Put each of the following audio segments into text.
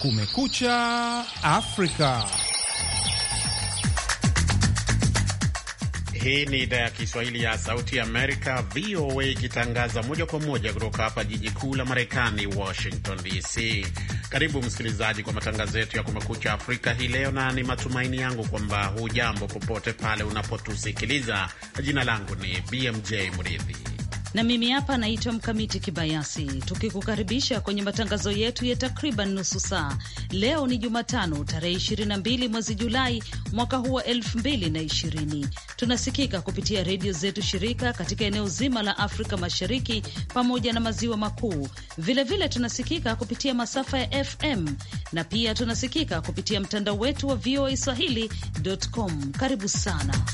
Kumekucha Afrika. Hii ni idhaa ya Kiswahili ya Sauti ya Amerika, VOA, ikitangaza moja kwa moja kutoka hapa jiji kuu la Marekani, Washington DC. Karibu msikilizaji kwa matangazo yetu ya Kumekucha Afrika hii leo, na ni matumaini yangu kwamba hujambo popote pale unapotusikiliza. Jina langu ni BMJ Mridhi na mimi hapa naitwa Mkamiti Kibayasi, tukikukaribisha kwenye matangazo yetu ya takriban nusu saa. Leo ni Jumatano, tarehe 22 mwezi Julai mwaka huu wa 2020. Tunasikika kupitia redio zetu shirika katika eneo zima la Afrika Mashariki pamoja na maziwa makuu. Vilevile tunasikika kupitia masafa ya FM na pia tunasikika kupitia mtandao wetu wa VOA Swahili.com. Karibu sana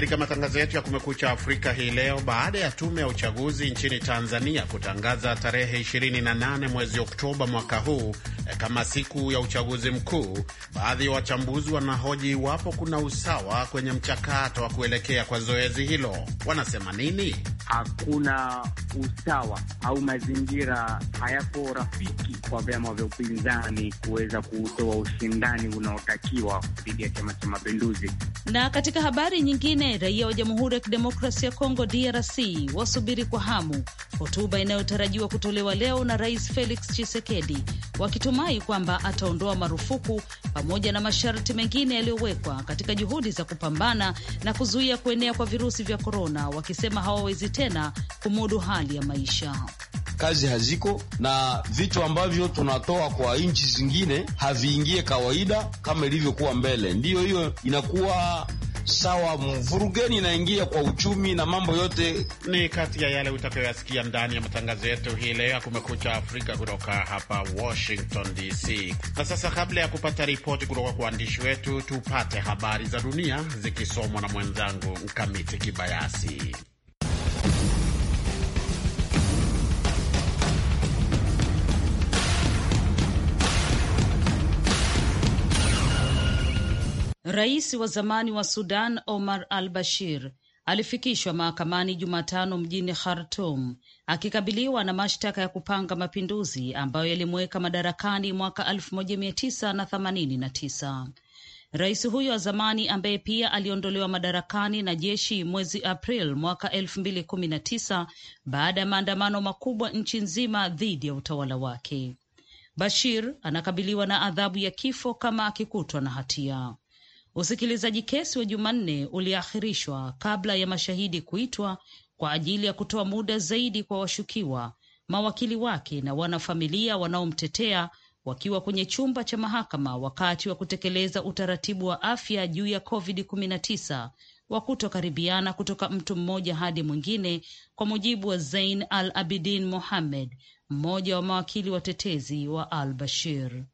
katika matangazo yetu ya Kumekucha Afrika hii leo, baada ya tume ya uchaguzi nchini Tanzania kutangaza tarehe 28 mwezi Oktoba mwaka huu kama siku ya uchaguzi mkuu, baadhi ya wachambuzi wanahoji iwapo kuna usawa kwenye mchakato wa kuelekea kwa zoezi hilo. Wanasema nini? Hakuna usawa au mazingira hayapo rafiki kwa vyama vya upinzani kuweza kutoa ushindani unaotakiwa dhidi ya Chama cha Mapinduzi. Na katika habari nyingine, raia wa Jamhuri ya Kidemokrasia ya Kongo DRC wasubiri kwa hamu hotuba inayotarajiwa kutolewa leo na Rais Felix Tshisekedi wakituma anatumai kwamba ataondoa marufuku pamoja na masharti mengine yaliyowekwa katika juhudi za kupambana na kuzuia kuenea kwa virusi vya korona, wakisema hawawezi tena kumudu hali ya maisha. Kazi haziko na vitu ambavyo tunatoa kwa nchi zingine haviingie kawaida kama ilivyokuwa mbele, ndiyo hiyo inakuwa sawa, mvurugeni inaingia kwa uchumi na mambo yote. Ni kati ya yale utakayoyasikia ndani ya matangazo yetu hii leo ya Kumekucha Afrika kutoka hapa Washington DC. Na sasa, kabla ya kupata ripoti kutoka kwa waandishi wetu, tupate habari za dunia zikisomwa na mwenzangu Mkamiti Kibayasi. Rais wa zamani wa Sudan Omar al Bashir alifikishwa mahakamani Jumatano mjini Khartum akikabiliwa na mashtaka ya kupanga mapinduzi ambayo yalimuweka madarakani mwaka 1989. Rais huyo wa zamani ambaye pia aliondolewa madarakani na jeshi mwezi April mwaka 2019 baada ya maandamano makubwa nchi nzima dhidi ya utawala wake. Bashir anakabiliwa na adhabu ya kifo kama akikutwa na hatia. Usikilizaji kesi wa Jumanne uliahirishwa kabla ya mashahidi kuitwa kwa ajili ya kutoa muda zaidi kwa washukiwa, mawakili wake na wanafamilia wanaomtetea wakiwa kwenye chumba cha mahakama wakati wa kutekeleza utaratibu wa afya juu ya COVID-19 wa kutokaribiana kutoka mtu mmoja hadi mwingine, kwa mujibu wa Zain Al Abidin mohammed mmoja wa mawakili watetezi wa Al Bashir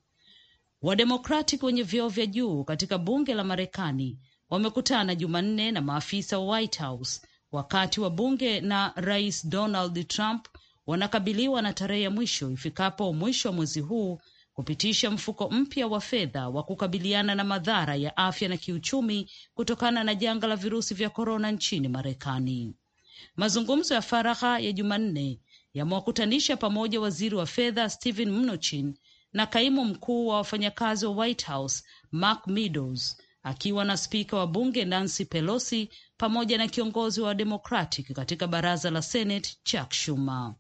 wademokrati wenye vyeo vya juu katika bunge la Marekani wamekutana Jumanne na maafisa wa White House wakati wa bunge na Rais Donald Trump wanakabiliwa na tarehe ya mwisho ifikapo mwisho wa mwezi huu kupitisha mfuko mpya wa fedha wa kukabiliana na madhara ya afya na kiuchumi kutokana na janga la virusi vya korona nchini Marekani. Mazungumzo ya faragha ya Jumanne yamewakutanisha pamoja waziri wa fedha Steven Mnuchin na kaimu mkuu wa wafanyakazi wa White House Mark Meadows akiwa na spika wa bunge Nancy Pelosi pamoja na kiongozi wa Democratic katika baraza la Senate Chuck Schumer.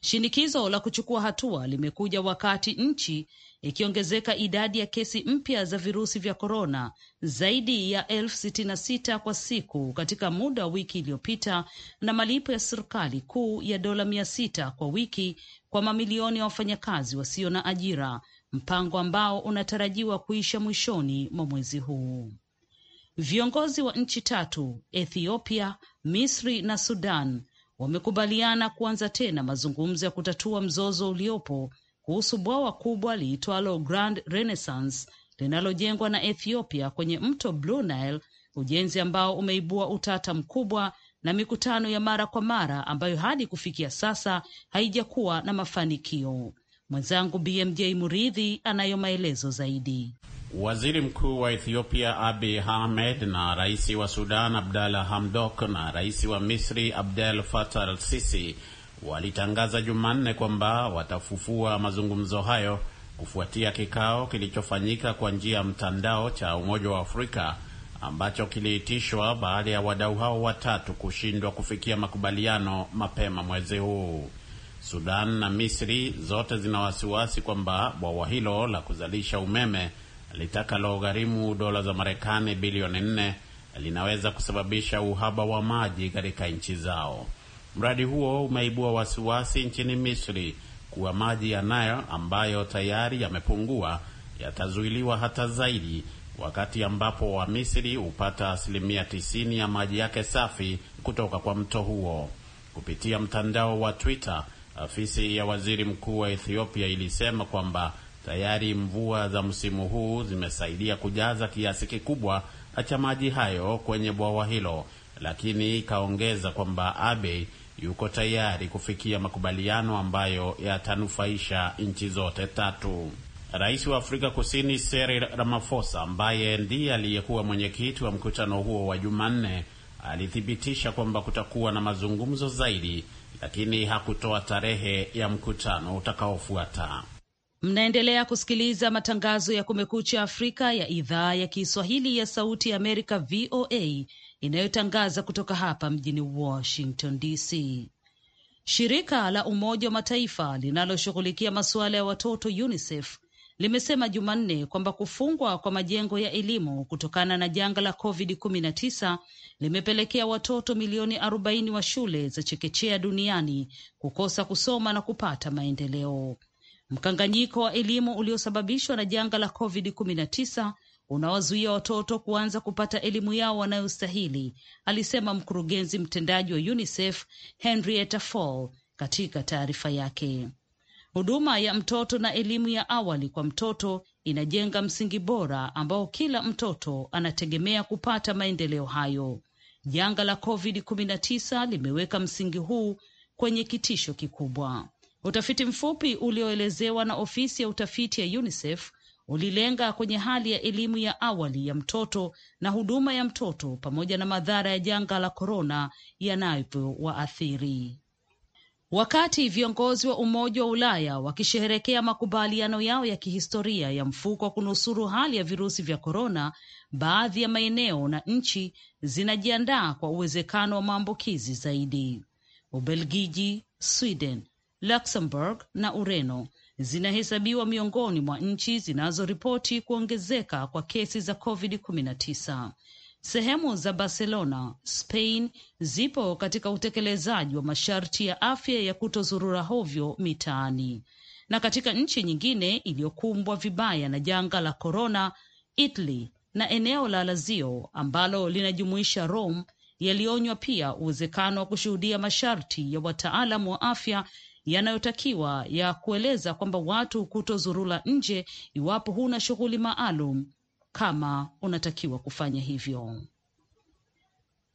Shinikizo la kuchukua hatua limekuja wakati nchi ikiongezeka idadi ya kesi mpya za virusi vya korona zaidi ya elfu sitini na sita kwa siku katika muda wa wiki iliyopita, na malipo ya serikali kuu ya dola mia sita kwa wiki kwa mamilioni ya wafanyakazi wasio na ajira, mpango ambao unatarajiwa kuisha mwishoni mwa mwezi huu. Viongozi wa nchi tatu Ethiopia, Misri na Sudan wamekubaliana kuanza tena mazungumzo ya kutatua mzozo uliopo kuhusu bwawa kubwa liitwalo Grand Renaissance linalojengwa na Ethiopia kwenye mto Blue Nile, ujenzi ambao umeibua utata mkubwa na mikutano ya mara kwa mara ambayo hadi kufikia sasa haijakuwa na mafanikio. Mwenzangu BMJ Muridhi anayo maelezo zaidi. Waziri Mkuu wa Ethiopia Abi Ahmed na rais wa Sudan Abdalla Hamdok na rais wa Misri Abdel Fattah al-Sisi walitangaza Jumanne kwamba watafufua mazungumzo hayo kufuatia kikao kilichofanyika kwa njia ya mtandao cha Umoja wa Afrika ambacho kiliitishwa baada ya wadau hao watatu kushindwa kufikia makubaliano mapema mwezi huu. Sudan na Misri zote zina wasiwasi kwamba bwawa hilo la kuzalisha umeme litakalogharimu dola za Marekani bilioni nne linaweza kusababisha uhaba wa maji katika nchi zao. Mradi huo umeibua wasiwasi nchini Misri kuwa maji ya Nile ambayo tayari yamepungua yatazuiliwa hata zaidi, wakati ambapo Wamisri hupata asilimia 90 ya maji yake safi kutoka kwa mto huo. Kupitia mtandao wa Twitter, afisi ya waziri mkuu wa Ethiopia ilisema kwamba tayari mvua za msimu huu zimesaidia kujaza kiasi kikubwa cha maji hayo kwenye bwawa hilo, lakini ikaongeza kwamba Abiy yuko tayari kufikia makubaliano ambayo yatanufaisha nchi zote tatu. Rais wa Afrika Kusini Cyril Ramaphosa, ambaye ndiye aliyekuwa mwenyekiti wa mkutano huo wa Jumanne, alithibitisha kwamba kutakuwa na mazungumzo zaidi, lakini hakutoa tarehe ya mkutano utakaofuata. Mnaendelea kusikiliza matangazo ya Kumekucha Afrika ya idhaa ya Kiswahili ya Sauti ya Amerika, VOA inayotangaza kutoka hapa mjini Washington DC. Shirika la Umoja wa Mataifa linaloshughulikia masuala ya watoto UNICEF limesema Jumanne kwamba kufungwa kwa majengo ya elimu kutokana na janga la COVID-19 limepelekea watoto milioni 40 wa shule za chekechea duniani kukosa kusoma na kupata maendeleo. Mkanganyiko wa elimu uliosababishwa na janga la COVID-19 unawazuia watoto kuanza kupata elimu yao wanayostahili, alisema mkurugenzi mtendaji wa UNICEF Henrietta Fore katika taarifa yake. Huduma ya mtoto na elimu ya awali kwa mtoto inajenga msingi bora ambao kila mtoto anategemea kupata maendeleo hayo. Janga la COVID-19 limeweka msingi huu kwenye kitisho kikubwa. Utafiti mfupi ulioelezewa na ofisi ya utafiti ya UNICEF ulilenga kwenye hali ya elimu ya awali ya mtoto na huduma ya mtoto pamoja na madhara ya janga la korona yanayowaathiri. Wakati viongozi wa Umoja wa Ulaya wakisherehekea makubaliano yao ya kihistoria ya mfuko wa kunusuru hali ya virusi vya korona, baadhi ya maeneo na nchi zinajiandaa kwa uwezekano wa maambukizi zaidi. Ubelgiji, Sweden, Luxembourg na Ureno zinahesabiwa miongoni mwa nchi zinazoripoti kuongezeka kwa kesi za COVID-19. Sehemu za Barcelona, Spain zipo katika utekelezaji wa masharti ya afya ya kutozurura hovyo mitaani. Na katika nchi nyingine iliyokumbwa vibaya na janga la korona, Italy na eneo la Lazio ambalo linajumuisha Rome yalionywa pia uwezekano wa kushuhudia masharti ya wataalam wa afya yanayotakiwa ya kueleza kwamba watu kutozurula nje iwapo huna shughuli maalum kama unatakiwa kufanya hivyo.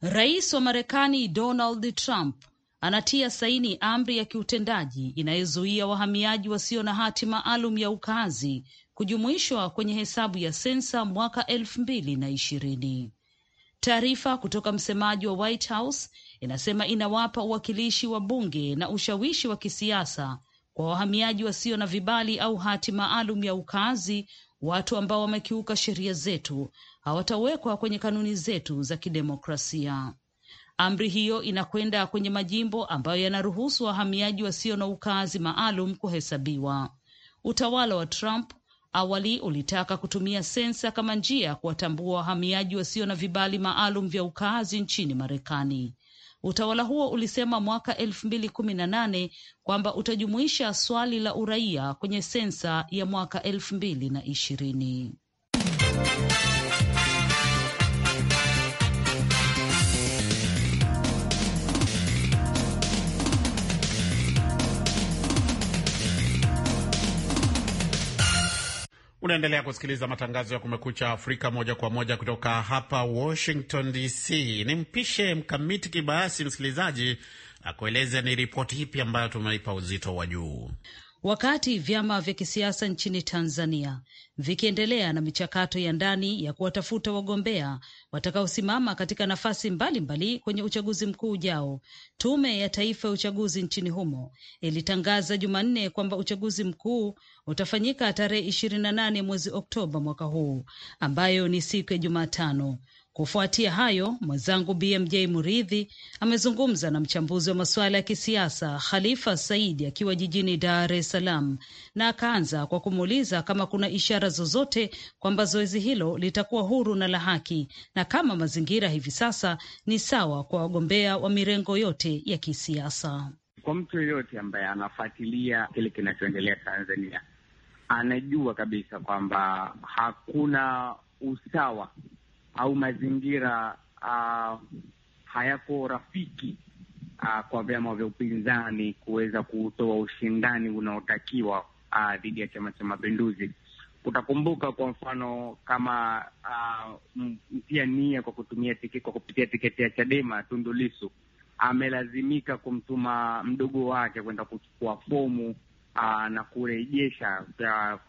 Rais wa Marekani Donald Trump anatia saini amri ya kiutendaji inayozuia wahamiaji wasio na hati maalum ya ukaazi kujumuishwa kwenye hesabu ya sensa mwaka elfu mbili na ishirini. Taarifa kutoka msemaji wa White House inasema inawapa uwakilishi wa bunge na ushawishi wa kisiasa kwa wahamiaji wasio na vibali au hati maalum ya ukaazi. Watu ambao wamekiuka sheria zetu hawatawekwa kwenye kanuni zetu za kidemokrasia. Amri hiyo inakwenda kwenye majimbo ambayo yanaruhusu wahamiaji wasio na ukaazi maalum kuhesabiwa. Utawala wa Trump awali ulitaka kutumia sensa kama njia ya kuwatambua wahamiaji wasio na vibali maalum vya ukaazi nchini Marekani, Utawala huo ulisema mwaka elfu mbili kumi na nane kwamba utajumuisha swali la uraia kwenye sensa ya mwaka elfu mbili na ishirini. Unaendelea kusikiliza matangazo ya Kumekucha Afrika moja kwa moja kutoka hapa Washington DC. ni mpishe Mkamiti Kibayasi, msikilizaji, akueleze ni ripoti ipi ambayo tumeipa uzito wa juu wakati vyama vya kisiasa nchini Tanzania vikiendelea na michakato ya ndani ya kuwatafuta wagombea watakaosimama katika nafasi mbalimbali mbali kwenye uchaguzi mkuu ujao. Tume ya Taifa ya Uchaguzi nchini humo ilitangaza Jumanne kwamba uchaguzi mkuu utafanyika tarehe ishirini na nane mwezi Oktoba mwaka huu, ambayo ni siku ya Jumatano, Kufuatia hayo, mwenzangu BMJ Muridhi amezungumza na mchambuzi wa masuala ya kisiasa Khalifa Saidi akiwa jijini Dar es Salaam, na akaanza kwa kumuuliza kama kuna ishara zozote kwamba zoezi hilo litakuwa huru na la haki na kama mazingira hivi sasa ni sawa kwa wagombea wa mirengo yote ya kisiasa. Kwa mtu yoyote ambaye anafuatilia kile kinachoendelea Tanzania anajua kabisa kwamba hakuna usawa au mazingira uh, hayako rafiki uh, kwa vyama vya upinzani kuweza kutoa ushindani unaotakiwa ah, dhidi uh, ya Chama cha Mapinduzi. Utakumbuka kwa mfano kama uh, mpia nia kwa kutumia tiki, kwa kupitia tiketi ya Chadema Tundu Lissu amelazimika kumtuma mdogo wake kwenda kuchukua fomu uh, na kurejesha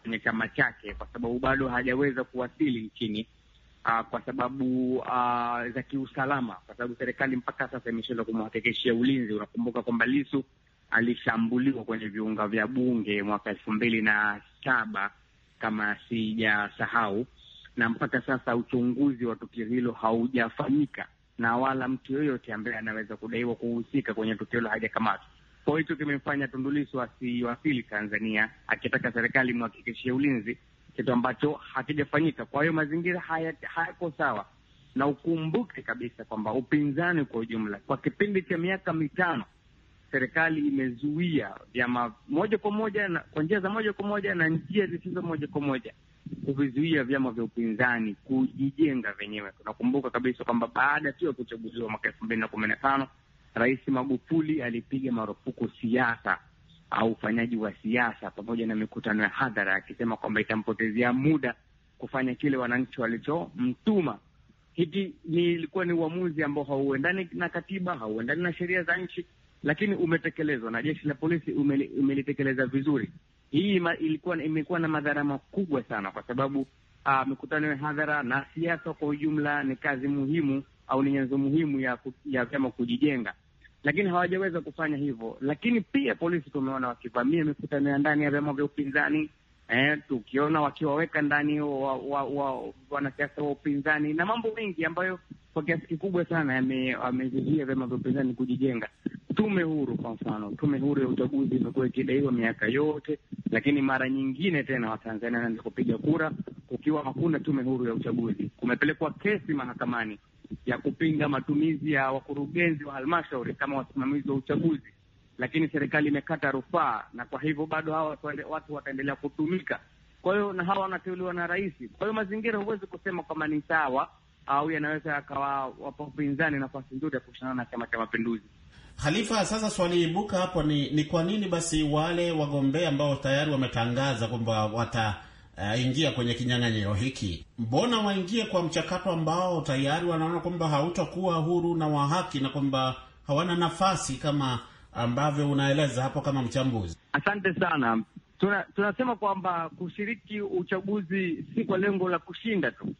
kwenye chama chake, kwa sababu bado hajaweza kuwasili nchini uh, kwa sababu uh, za kiusalama, kwa sababu serikali mpaka sasa imeshindwa kumhakikishia ulinzi. Unakumbuka kwamba Lisu alishambuliwa kwenye viunga vya bunge mwaka elfu mbili na saba kama sijasahau, na mpaka sasa uchunguzi wa tukio hilo haujafanyika na wala mtu yoyote ambaye anaweza kudaiwa kuhusika kwenye tukio hilo hajakamatwa. Kwa hicho kimemfanya Tundu Lissu asiwasili Tanzania akitaka serikali imhakikishie ulinzi, kitu ambacho hakijafanyika. Kwa hiyo mazingira hayako haya sawa, na ukumbuke kabisa kwamba upinzani kwa ujumla kwa kipindi cha miaka mitano serikali imezuia vyama moja kwa moja na kwa njia za moja kwa moja na njia zisizo moja kwa moja kuvizuia vyama vya upinzani kujijenga vyenyewe. Tunakumbuka kabisa kwamba baada tu ya kuchaguliwa mwaka elfu mbili na kumi na tano Rais Magufuli alipiga marufuku siasa au ufanyaji wa siasa pamoja na mikutano ya hadhara, akisema kwamba itampotezea muda kufanya kile wananchi walichomtuma. Hiki ilikuwa ni uamuzi ambao hauendani na katiba, hauendani na sheria za nchi, lakini umetekelezwa na jeshi la polisi, umelitekeleza vizuri. Hii ilikuwa imekuwa na madhara makubwa sana, kwa sababu uh, mikutano ya hadhara na siasa kwa ujumla ni kazi muhimu au ni nyenzo muhimu ya, ya vyama kujijenga lakini hawajaweza kufanya hivyo. Lakini pia polisi tumeona wakivamia mikutano ya ndani ya vyama vya upinzani eh, tukiona wakiwaweka ndani wanasiasa wa upinzani na mambo mengi ambayo kwa kiasi kikubwa sana yamevizuia vyama vya upinzani kujijenga. Tume huru kwa mfano, tume huru ya uchaguzi imekuwa ikidaiwa miaka yote, lakini mara nyingine tena Watanzania wanaenda kupiga kura kukiwa hakuna tume huru ya uchaguzi. Kumepelekwa kesi mahakamani ya kupinga matumizi ya wakurugenzi wa halmashauri kama wasimamizi wa uchaguzi, lakini serikali imekata rufaa, na kwa hivyo bado hawa watu wataendelea kutumika. Kwa hiyo na hawa wanateuliwa na rais. Kwa hiyo mazingira, huwezi kusema kwamba ni sawa au yanaweza yakawa wapa upinzani nafasi nzuri ya kushindana na Chama cha Mapinduzi. Halifa, sasa swali ibuka hapo ni, ni kwa nini basi wale wagombea ambao tayari wametangaza kwamba wata uh, ingia kwenye kinyang'anyiro hiki, mbona waingie kwa mchakato ambao tayari wanaona kwamba hautakuwa huru na wa haki na kwamba hawana nafasi kama ambavyo unaeleza hapo kama mchambuzi? Asante sana. Tuna, tunasema kwamba kushiriki uchaguzi si kwa lengo la kushinda tu.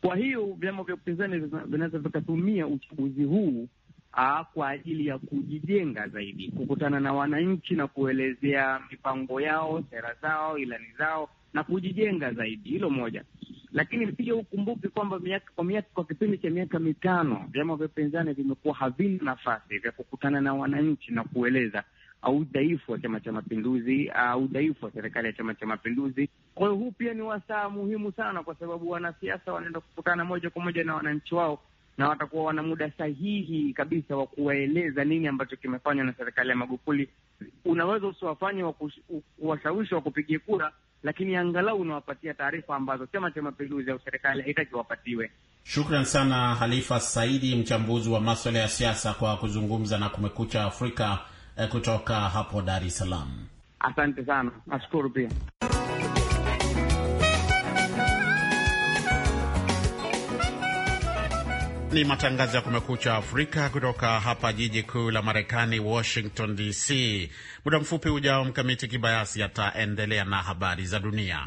Kwa hiyo vyama vya upinzani vinaweza vikatumia uchaguzi huu aa, ah, kwa ajili ya kujijenga zaidi, kukutana na wananchi na kuelezea mipango yao, sera zao, ilani zao na kujijenga zaidi. Hilo moja, lakini pia ukumbuke kwamba kwa miaka kwa kipindi cha miaka mitano vyama vya upinzani vimekuwa havina nafasi vya kukutana na wananchi na kueleza udhaifu wa Chama cha Mapinduzi, udhaifu wa serikali ya Chama cha Mapinduzi. Kwa hiyo huu pia ni wasaa muhimu sana, kwa sababu wanasiasa wanaenda kukutana moja kwa moja na wananchi wao na watakuwa wana muda sahihi kabisa wa kuwaeleza nini ambacho kimefanywa na serikali ya Magufuli. Unaweza usiwafanye washawishi wa kupigia kura, lakini angalau unawapatia taarifa ambazo Chama cha Mapinduzi au serikali haitaki wapatiwe. Shukran sana Halifa Saidi, mchambuzi wa maswala ya siasa, kwa kuzungumza na Kumekucha Afrika eh, kutoka hapo Dar es Salaam. Asante sana, nashukuru pia. Ni matangazo ya Kumekucha Afrika kutoka hapa jiji kuu la Marekani, Washington DC. Muda mfupi ujao, Mkamiti Kibayasi ataendelea na habari za dunia.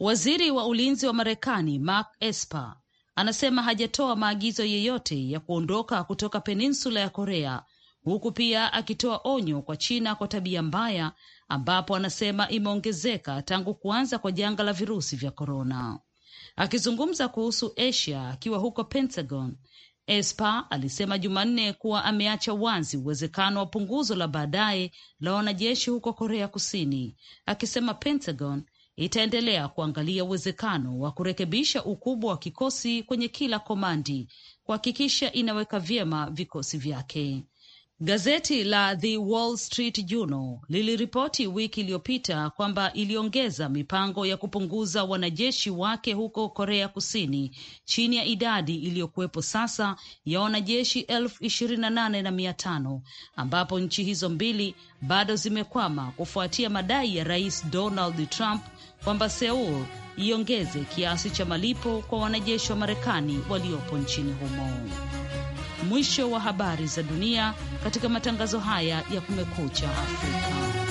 Waziri wa ulinzi wa Marekani Mark Esper anasema hajatoa maagizo yeyote ya kuondoka kutoka peninsula ya Korea, huku pia akitoa onyo kwa China kwa tabia mbaya ambapo anasema imeongezeka tangu kuanza kwa janga la virusi vya korona. Akizungumza kuhusu Asia akiwa huko Pentagon, Esper alisema Jumanne kuwa ameacha wazi uwezekano wa punguzo la baadaye la wanajeshi huko Korea Kusini, akisema Pentagon itaendelea kuangalia uwezekano wa kurekebisha ukubwa wa kikosi kwenye kila komandi kuhakikisha inaweka vyema vikosi vyake. Gazeti la The Wall Street Journal liliripoti wiki iliyopita kwamba iliongeza mipango ya kupunguza wanajeshi wake huko Korea Kusini chini ya idadi iliyokuwepo sasa ya wanajeshi elfu ishirini na nane na mia tano ambapo nchi hizo mbili bado zimekwama kufuatia madai ya Rais Donald Trump kwamba Seoul iongeze kiasi cha malipo kwa wanajeshi wa Marekani waliopo nchini humo mwisho wa habari za dunia katika matangazo haya ya Kumekucha Afrika.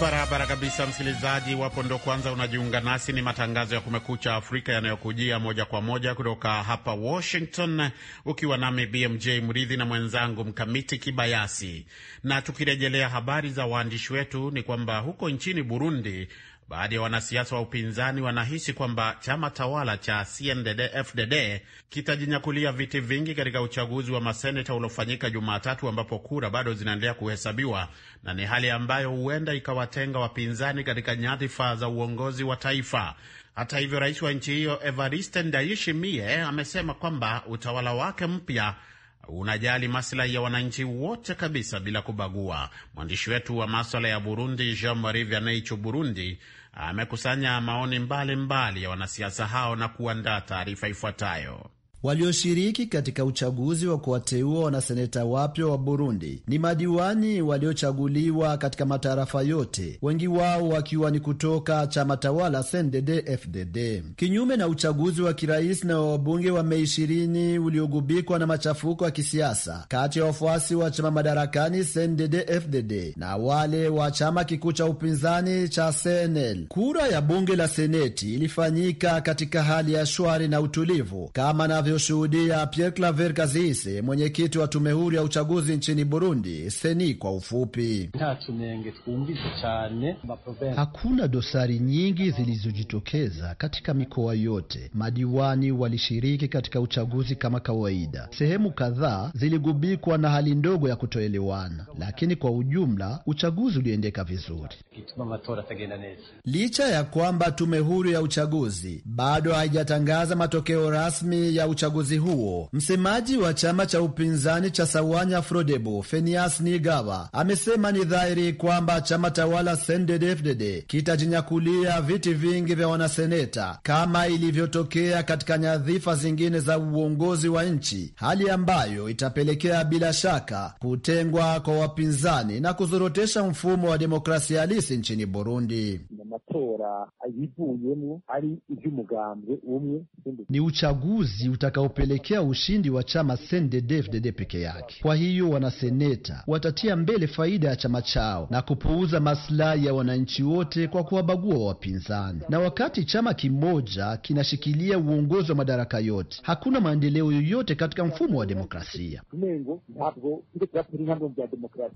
Barabara kabisa, msikilizaji. Iwapo ndo kwanza unajiunga nasi, ni matangazo ya Kumekucha Afrika yanayokujia moja kwa moja kutoka hapa Washington, ukiwa nami BMJ Mridhi na mwenzangu Mkamiti Kibayasi. Na tukirejelea habari za waandishi wetu, ni kwamba huko nchini Burundi baadhi ya wanasiasa wa upinzani wanahisi kwamba chama tawala cha CNDD-FDD kitajinyakulia viti vingi katika uchaguzi wa maseneta uliofanyika Jumatatu, ambapo kura bado zinaendelea kuhesabiwa na ni hali ambayo huenda ikawatenga wapinzani katika nyadhifa za uongozi wa taifa. Hata hivyo, rais wa nchi hiyo Evariste Ndayishimiye amesema kwamba utawala wake mpya unajali maslahi ya wananchi wote kabisa bila kubagua. Mwandishi wetu wa maswala ya Burundi Jean Marie Vianney Burundi amekusanya maoni mbalimbali mbali ya wanasiasa hao na kuandaa taarifa ifuatayo walioshiriki katika uchaguzi wa kuwateua wanaseneta wapya wa Burundi ni madiwani waliochaguliwa katika matarafa yote, wengi wao wakiwa ni kutoka chama tawala CNDD-FDD. Kinyume na uchaguzi wa kirais na wa wabunge wa Mei 20 uliogubikwa na machafuko ya kisiasa kati ya wafuasi wa chama madarakani CNDD-FDD na wale wa chama kikuu cha upinzani cha CNL, kura ya bunge la seneti ilifanyika katika hali ya shwari na utulivu kama navyo aliyoshuhudia Pierre Claver kazisi mwenyekiti wa tume huru ya uchaguzi nchini Burundi, seni kwa ufupi. Hakuna dosari nyingi zilizojitokeza katika mikoa yote. Madiwani walishiriki katika uchaguzi kama kawaida. Sehemu kadhaa ziligubikwa na hali ndogo ya kutoelewana, lakini kwa ujumla uchaguzi uliendeka vizuri. Licha ya kwamba tume huru ya uchaguzi bado haijatangaza matokeo rasmi ya uchaguzi huo. Msemaji wa chama cha upinzani cha Sawanya Frodebo, Fenias Nigawa, amesema ni dhahiri kwamba chama tawala CNDD-FDD kitajinyakulia viti vingi vya wanaseneta kama ilivyotokea katika nyadhifa zingine za uongozi wa nchi, hali ambayo itapelekea bila shaka kutengwa kwa wapinzani na kuzorotesha mfumo wa demokrasia halisi nchini Burundi. Ni uchaguzi uta utakaopelekea ushindi wa chama CNDD-FDD peke yake. Kwa hiyo wanaseneta watatia mbele faida ya chama chao na kupuuza maslahi ya wananchi wote kwa kuwabagua wapinzani. Na wakati chama kimoja kinashikilia uongozi wa madaraka yote, hakuna maendeleo yoyote katika mfumo wa demokrasia.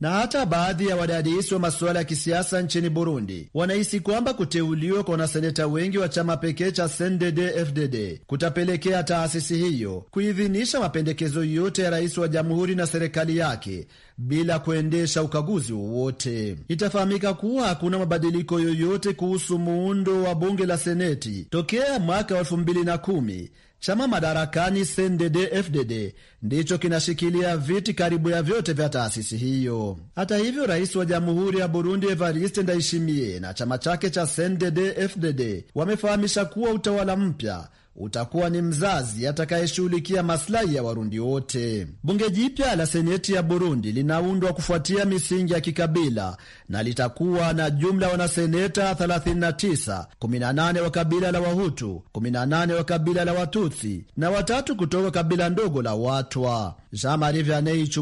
Na hata baadhi ya wadadisi wa masuala ya kisiasa nchini Burundi wanahisi kwamba kuteuliwa kwa wanaseneta wengi wa chama pekee cha CNDD-FDD kutapelekea taasisi hiyo kuidhinisha mapendekezo yote ya rais wa jamhuri na serikali yake bila kuendesha ukaguzi wowote. Itafahamika kuwa hakuna mabadiliko yoyote kuhusu muundo wa bunge la seneti tokea mwaka wa elfu mbili na kumi. Chama madarakani CNDD-FDD ndicho kinashikilia viti karibu ya vyote vya taasisi hiyo. Hata hivyo, rais wa jamhuri ya Burundi Evariste Ndayishimiye na chama chake cha CNDD-FDD wamefahamisha kuwa utawala mpya utakuwa ni mzazi atakayeshughulikia maslahi ya Warundi wote. Bunge jipya la seneti ya Burundi linaundwa kufuatia misingi ya kikabila na litakuwa na jumla ya wanaseneta 39, 18 wa kabila la Wahutu, 18 wa kabila la Watutsi na watatu kutoka kabila ndogo la Watwa.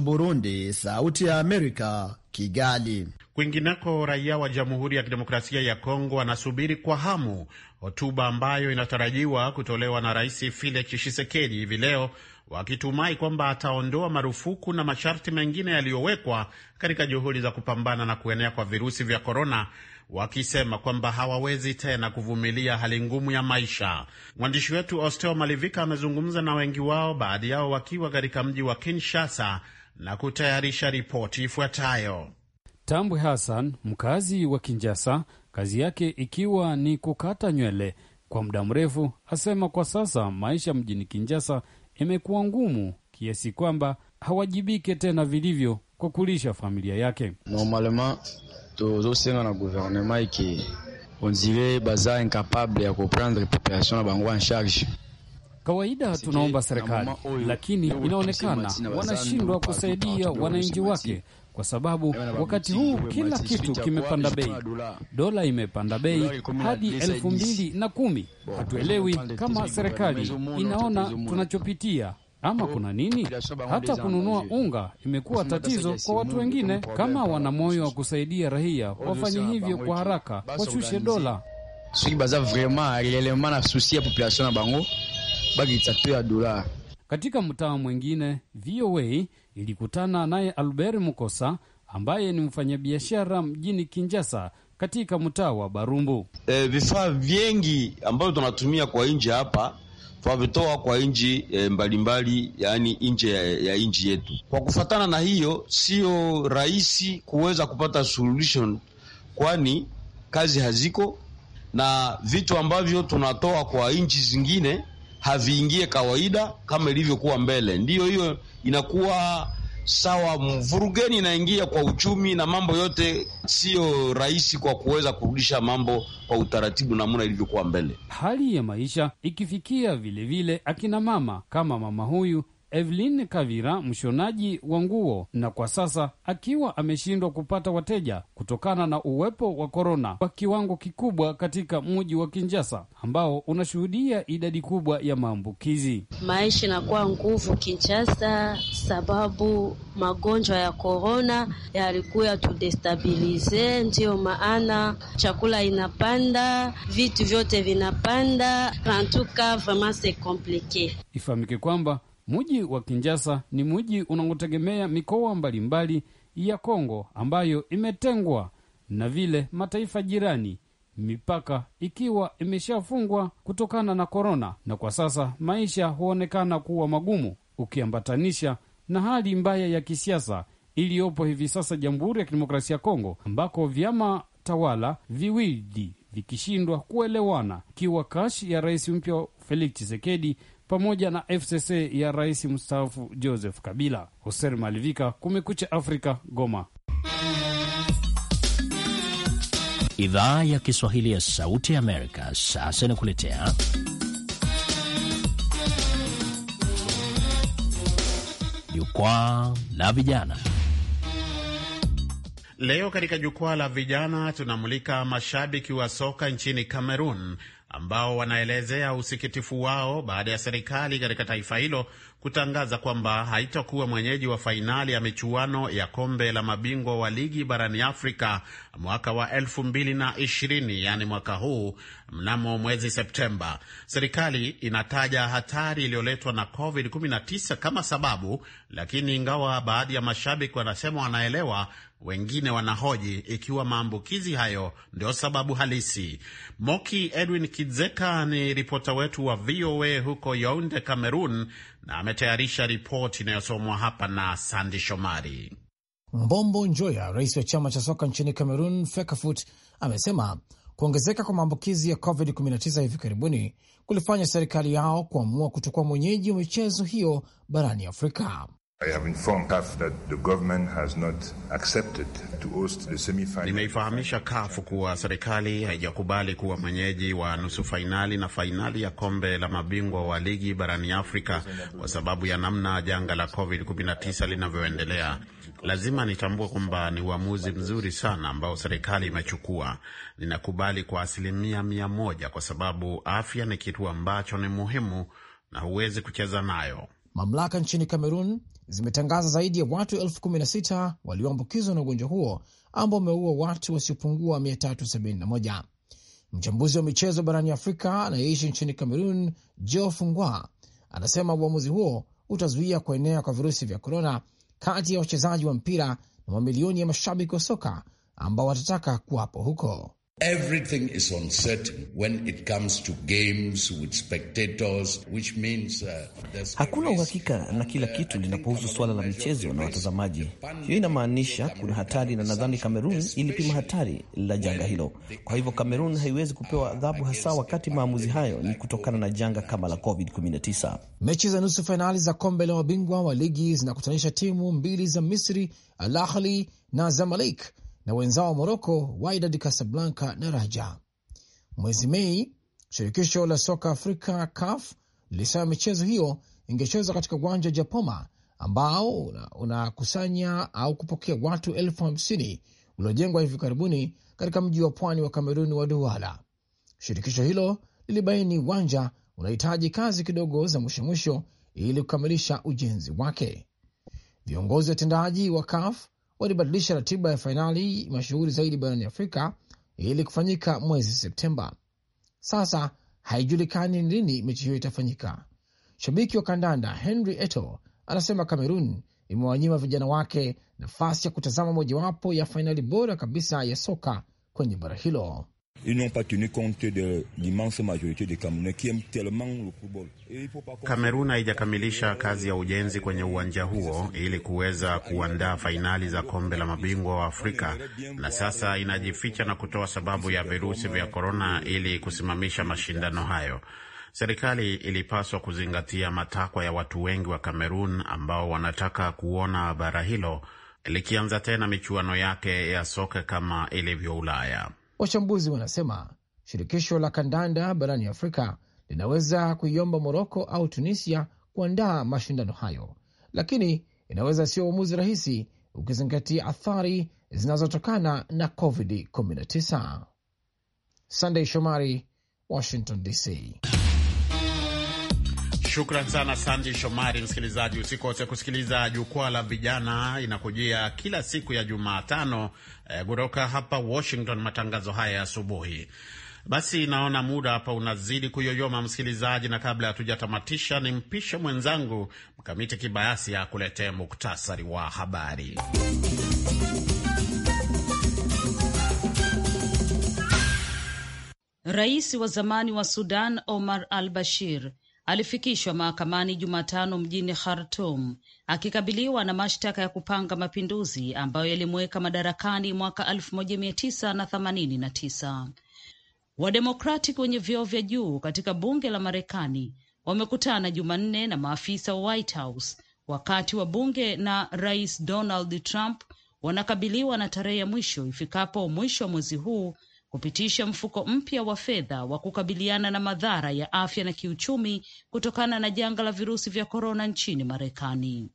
Burundi, Sauti ya Amerika, Kigali. Kwingineko, raia wa Jamhuri ya Kidemokrasia ya Kongo wanasubiri kwa hamu hotuba ambayo inatarajiwa kutolewa na Rais Felix Tshisekedi hivi leo, wakitumai kwamba ataondoa marufuku na masharti mengine yaliyowekwa katika juhudi za kupambana na kuenea kwa virusi vya korona, wakisema kwamba hawawezi tena kuvumilia hali ngumu ya maisha. Mwandishi wetu Osteo Malivika amezungumza na wengi wao, baadhi yao wakiwa katika mji wa Kinshasa na kutayarisha ripoti ifuatayo. Tambwe Hassan, mkazi wa Kinjasa, kazi yake ikiwa ni kukata nywele kwa muda mrefu. Asema kwa sasa maisha mjini Kinjasa imekuwa ngumu kiasi kwamba hawajibike tena vilivyo kwa kulisha familia yake. tozosenga na guvernema iki onzire baza incapable ya kuprendre population na bango en charge Kawaida tunaomba serikali, lakini inaonekana wanashindwa kusaidia wananchi wake kwa sababu wakati huu kila kitu kimepanda bei. Dola imepanda bei hadi elfu mbili na kumi. Hatuelewi kama serikali inaona tunachopitia ama kuna nini? Hata kununua unga imekuwa tatizo kwa watu wengine. Kama wana moyo wa kusaidia raia, wafanye hivyo kwa haraka, washushe dola. Katika mtaa mwingine, VOA ilikutana naye Albert Mukosa ambaye ni mfanyabiashara mjini Kinjasa katika mtaa wa Barumbu. E, vifaa vingi ambavyo tunatumia kwa nje hapa tunavitoa kwa nji e, mbalimbali yaani nje ya, ya nji yetu. Kwa kufatana na hiyo, sio rahisi kuweza kupata solution, kwani kazi haziko na vitu ambavyo tunatoa kwa nchi zingine haviingie kawaida kama ilivyokuwa mbele. Ndiyo hiyo inakuwa sawa, mvurugeni inaingia kwa uchumi na mambo yote, siyo rahisi kwa kuweza kurudisha mambo kwa utaratibu namna ilivyokuwa mbele. Hali ya maisha ikifikia vilevile, akina mama kama mama huyu Evelyn Kavira, mshonaji wa nguo, na kwa sasa akiwa ameshindwa kupata wateja kutokana na uwepo wa korona kwa kiwango kikubwa katika mji wa Kinjasa ambao unashuhudia idadi kubwa ya maambukizi. Maisha inakuwa nguvu Kinjasa sababu magonjwa ya korona yalikuwa tudestabilize, ndiyo maana chakula inapanda, vitu vyote vinapanda, antuka vraiment c'est complique. Ifahamike kwamba Mji wa kinjasa ni mji unaotegemea mikoa mbalimbali ya Kongo ambayo imetengwa na vile mataifa jirani, mipaka ikiwa imeshafungwa kutokana na korona, na kwa sasa maisha huonekana kuwa magumu ukiambatanisha na hali mbaya ya kisiasa iliyopo hivi sasa Jamhuri ya Kidemokrasia ya Kongo, ambako vyama tawala viwili vikishindwa kuelewana, ikiwa kashi ya rais mpya Felix Tshisekedi pamoja na FCC ya rais mstaafu Joseph Kabila. Hosen Malivika, Kumekucha Afrika, Goma. Idhaa ya Kiswahili ya Sauti Amerika sasa inakuletea Jukwaa la Vijana. Leo katika Jukwaa la Vijana tunamulika mashabiki wa soka nchini Kamerun ambao wanaelezea usikitifu wao baada ya serikali katika taifa hilo kutangaza kwamba haitakuwa mwenyeji wa fainali ya michuano ya kombe la mabingwa wa ligi barani Afrika mwaka wa 2020 yani yaani mwaka huu mnamo mwezi Septemba. Serikali inataja hatari iliyoletwa na COVID-19 kama sababu, lakini ingawa baadhi ya mashabiki wanasema wanaelewa wengine wanahoji ikiwa maambukizi hayo ndio sababu halisi. Moki Edwin Kidzeka ni ripota wetu wa VOA huko Yaunde, Cameroon, na ametayarisha ripoti inayosomwa hapa na Sandi Shomari. Mbombo Njoya, rais wa chama cha soka nchini Cameroon, Fekafut, amesema kuongezeka kwa maambukizi ya COVID-19 hivi karibuni kulifanya serikali yao kuamua kutokuwa mwenyeji wa michezo hiyo barani Afrika. Nimeifahamisha kafu kuwa serikali haijakubali kuwa mwenyeji wa nusu fainali na fainali ya kombe la mabingwa wa ligi barani Afrika kwa sababu ya namna janga la COVID-19 linavyoendelea. Lazima nitambue kwamba ni uamuzi mzuri sana ambao serikali imechukua. Ninakubali kwa asilimia mia moja kwa sababu afya ni kitu ambacho ni muhimu na huwezi kucheza nayo. Mamlaka nchini Kamerun zimetangaza zaidi ya watu elfu kumi na sita walioambukizwa na ugonjwa huo ambao wameua watu wasiopungua 371. Mchambuzi wa michezo barani Afrika anayeishi nchini Cameroon, Jo Fungwa, anasema uamuzi huo utazuia kuenea kwa virusi vya korona kati ya wachezaji wa mpira na mamilioni ya mashabiki wa soka ambao watataka kuwapo huko. Everything is uncertain when it comes to games with spectators, which means, uh, hakuna uhakika na kila kitu linapohusu suala la michezo na watazamaji. Hiyo inamaanisha kuna hatari, na nadhani Kamerun ilipima hatari la janga hilo. Kwa hivyo Kamerun haiwezi kupewa adhabu, hasa wakati maamuzi hayo ni kutokana na janga kama la COVID-19. Mechi za nusu fainali za kombe la mabingwa wa ligi zinakutanisha timu mbili za Misri, Al Ahli na Zamalek na wenzao wa Moroko Wydad Casablanca na Raja. Mwezi Mei, shirikisho la soka Afrika CAF lilisema michezo hiyo ingechezwa katika uwanja wa Japoma ambao unakusanya una au kupokea watu elfu hamsini uliojengwa hivi karibuni katika mji wa pwani wa Kameruni wa Douala. Shirikisho hilo lilibaini uwanja unahitaji kazi kidogo za mwisho mwisho ili kukamilisha ujenzi wake. Viongozi watendaji wa CAF walibadilisha ratiba ya fainali mashuhuri zaidi barani Afrika ili kufanyika mwezi Septemba. Sasa haijulikani ni lini mechi hiyo itafanyika. Shabiki wa kandanda Henry Eto anasema Kamerun imewanyima vijana wake nafasi ya kutazama mojawapo ya fainali bora kabisa ya soka kwenye bara hilo. Ils n'ont pas tenu compte de l'immense majorité des Camerounais qui aiment tellement le football. Kamerun haijakamilisha kazi ya ujenzi kwenye uwanja huo ili kuweza kuandaa fainali za kombe la mabingwa wa Afrika, na sasa inajificha na kutoa sababu ya virusi vya korona ili kusimamisha mashindano hayo. Serikali ilipaswa kuzingatia matakwa ya watu wengi wa Kamerun ambao wanataka kuona bara hilo likianza tena michuano yake ya soka kama ilivyo Ulaya. Wachambuzi wanasema shirikisho la kandanda barani Afrika linaweza kuiomba Moroko au Tunisia kuandaa mashindano hayo, lakini inaweza sio uamuzi rahisi ukizingatia athari zinazotokana na COVID-19. Sandey Shomari, Washington DC. Shukran sana Sandi Shomari. Msikilizaji, usikose kusikiliza Jukwaa la Vijana, inakujia kila siku ya Jumatano eh, kutoka eh, hapa Washington, matangazo haya ya asubuhi. Basi naona muda hapa unazidi kuyoyoma, msikilizaji, na kabla hatujatamatisha, ni mpishe mwenzangu Mkamiti Kibayasi akuletee muktasari wa habari. Rais wa zamani wa Sudan Omar al Bashir alifikishwa mahakamani Jumatano mjini Khartum akikabiliwa na mashtaka ya kupanga mapinduzi ambayo yalimuweka madarakani mwaka 1989. wademokrati wenye vyeo vya juu katika bunge la Marekani wamekutana Jumanne na maafisa wa White House wakati wa bunge na Rais Donald Trump wanakabiliwa na tarehe ya mwisho ifikapo mwisho wa mwezi huu kupitisha mfuko mpya wa fedha wa kukabiliana na madhara ya afya na kiuchumi kutokana na janga la virusi vya korona nchini Marekani.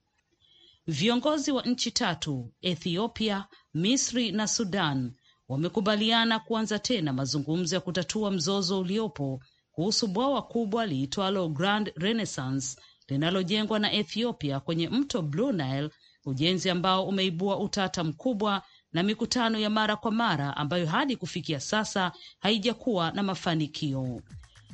Viongozi wa nchi tatu, Ethiopia, Misri na Sudan, wamekubaliana kuanza tena mazungumzo ya kutatua mzozo uliopo kuhusu bwawa kubwa liitwalo Grand Renaissance linalojengwa na Ethiopia kwenye mto Blue Nile, ujenzi ambao umeibua utata mkubwa na mikutano ya mara kwa mara ambayo hadi kufikia sasa haijakuwa na mafanikio.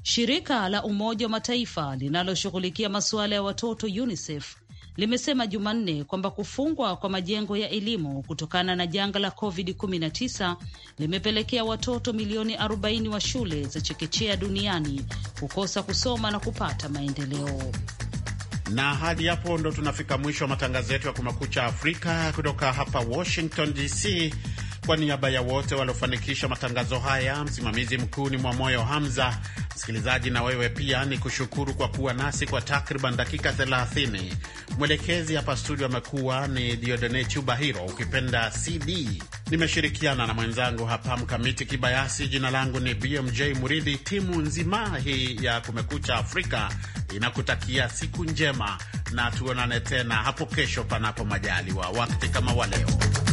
Shirika la Umoja wa Mataifa linaloshughulikia masuala ya watoto UNICEF limesema Jumanne kwamba kufungwa kwa majengo ya elimu kutokana na janga la COVID-19 limepelekea watoto milioni 40 wa shule za chekechea duniani kukosa kusoma na kupata maendeleo na hadi hapo ndo tunafika mwisho wa matangazo yetu ya Kumekucha Afrika kutoka hapa Washington DC. Kwa niaba ya wote waliofanikisha matangazo haya, msimamizi mkuu ni Mwamoyo Hamza. Msikilizaji, na wewe pia ni kushukuru kwa kuwa nasi kwa takriban dakika 30. Mwelekezi hapa studio amekuwa ni Diodene Chuba Hiro, ukipenda CD. Nimeshirikiana na mwenzangu hapa Mkamiti Kibayasi. Jina langu ni BMJ Muridhi. Timu nzima hii ya Kumekucha Afrika inakutakia siku njema na tuonane tena hapo kesho, panapo majaliwa, wakati kama waleo leo.